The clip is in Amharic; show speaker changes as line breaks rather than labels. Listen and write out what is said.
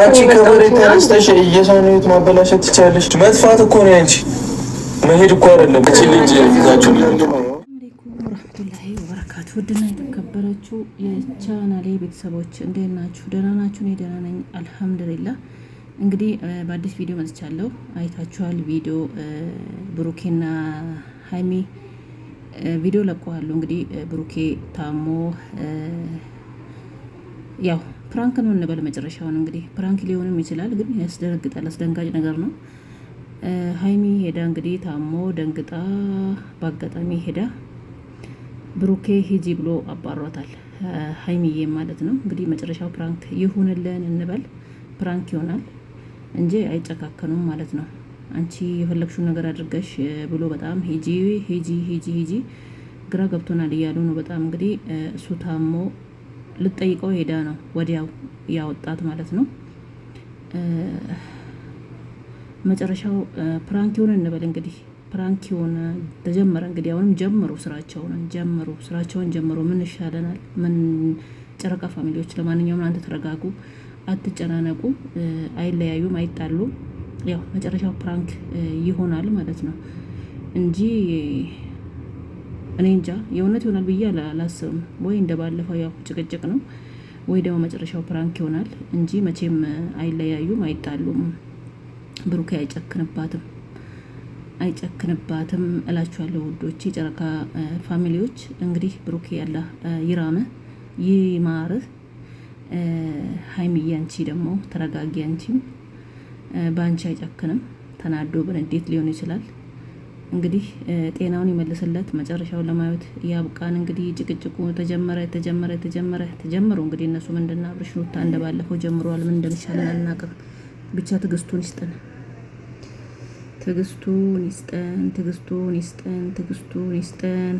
አንቺ ከመሬት ተነስተሽ እየሰውን ህይወት ማበላሸት ትችያለሽ። መጥፋት እኮ ነው ያንቺ፣ መሄድ እኮ አይደለም። እቺ ልጅ ይዛችሁ
ውድና የተከበረችው የቻናሌ ቤተሰቦች እንዴት ናችሁ? ደህና ናችሁ? እኔ ደህና ነኝ አልሐምዱሊላህ። እንግዲህ በአዲስ ቪዲዮ መጥቻለሁ። አይታችኋል ቪዲዮ ብሩኬና ሀይሚ ቪዲዮ ለቀዋለሁ። እንግዲህ ብሩኬ ታሞ ያው ፕራንክ ነው እንበል መጨረሻውን እንግዲህ ፕራንክ ሊሆንም ይችላል፣ ግን ያስደነግጣል። አስደንጋጭ ነገር ነው። ሀይሚ ሄዳ እንግዲህ ታሞ ደንግጣ በአጋጣሚ ሄዳ ብሩኬ ሂጂ ብሎ አባሯታል። ሀይሚዬ ማለት ነው እንግዲህ መጨረሻው ፕራንክ ይሁንልን እንበል። ፕራንክ ይሆናል እንጂ አይጨካከኑም ማለት ነው። አንቺ የፈለግሽው ነገር አድርገሽ ብሎ በጣም ሂጂ ሂጂ ሂጂ ሂጂ ግራ ገብቶናል እያሉ ነው። በጣም እንግዲህ እሱ ታሞ ልጠይቀው ሄዳ ነው ወዲያው ያወጣት ማለት ነው። መጨረሻው ፕራንኪውን እንበል እንግዲህ ፕራንክ ተጀመረ። እንግዲህ አሁንም ጀምሩ ስራቸውን ጀምሩ ስራቸውን ጀምሩ። ምን ይሻለናል? ምን ጨረቃ ፋሚሊዎች፣ ለማንኛውም አንተ ተረጋጉ፣ አትጨናነቁ፣ አይለያዩም፣ አይጣሉም። ያው መጨረሻው ፕራንክ ይሆናል ማለት ነው እንጂ እኔ እንጃ የእውነት ይሆናል ብዬ አላስብም። ወይ እንደ ባለፈው ያው ጭቅጭቅ ነው ወይ ደግሞ መጨረሻው ፕራንክ ይሆናል እንጂ መቼም አይለያዩም፣ አይጣሉም። ብሩኬ አይጨክንባትም አይጨክንባትም እላችኋለሁ ውዶቼ፣ ጨረካ ፋሚሊዎች እንግዲህ ብሩኬ ያለ ይራመ ይማርህ። ሀይሚዬ አንቺ ደግሞ ተረጋጊ አንቺም በአንቺ አይጨክንም። ተናዶ በንዴት ሊሆን ይችላል። እንግዲህ ጤናውን ይመልስለት፣ መጨረሻውን ለማየት ያብቃን። እንግዲህ ጭቅጭቁ ተጀመረ ተጀመረ ተጀመረ ተጀመሩ። እንግዲህ እነሱ ምንድና አብርሽ ሩታ እንደባለፈው ጀምረዋል። ምን እንደሚሻለን አናውቅም። ብቻ ትግስቱን ይስጠን፣ ትግስቱን ይስጠን፣ ትግስቱን ይስጠን፣ ትግስቱን ይስጠን።